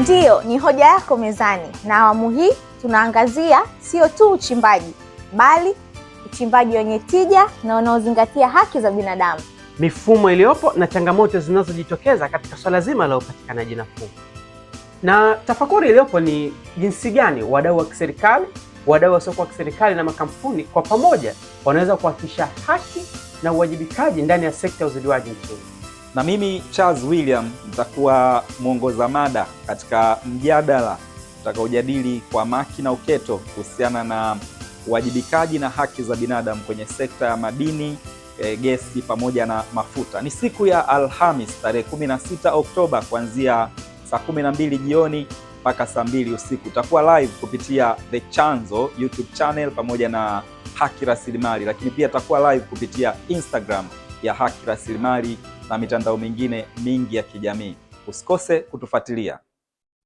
Ndiyo, ni hoja yako mezani, na awamu hii tunaangazia sio tu uchimbaji bali uchimbaji wenye tija na unaozingatia haki za binadamu, mifumo iliyopo na changamoto zinazojitokeza katika swala zima la upatikanaji nafuu. Na tafakuri iliyopo ni jinsi gani wadau wa kiserikali, wadau wasiokuwa wa kiserikali na makampuni kwa pamoja wanaweza kuhakikisha haki na uwajibikaji ndani ya sekta ya uzidiwaji nchini na mimi Charles William nitakuwa mwongoza mada katika mjadala utakaojadili kwa maki na uketo kuhusiana na uwajibikaji na haki za binadamu kwenye sekta ya madini e, gesi pamoja na mafuta. Ni siku ya Alhamis tarehe 16 Oktoba kuanzia saa 12 jioni mpaka saa mbili usiku. Utakuwa live kupitia The Chanzo YouTube channel pamoja na Haki Rasilimali, lakini pia takuwa live kupitia Instagram ya Haki Rasilimali na mitandao mingine mingi ya kijamii. Usikose kutufuatilia.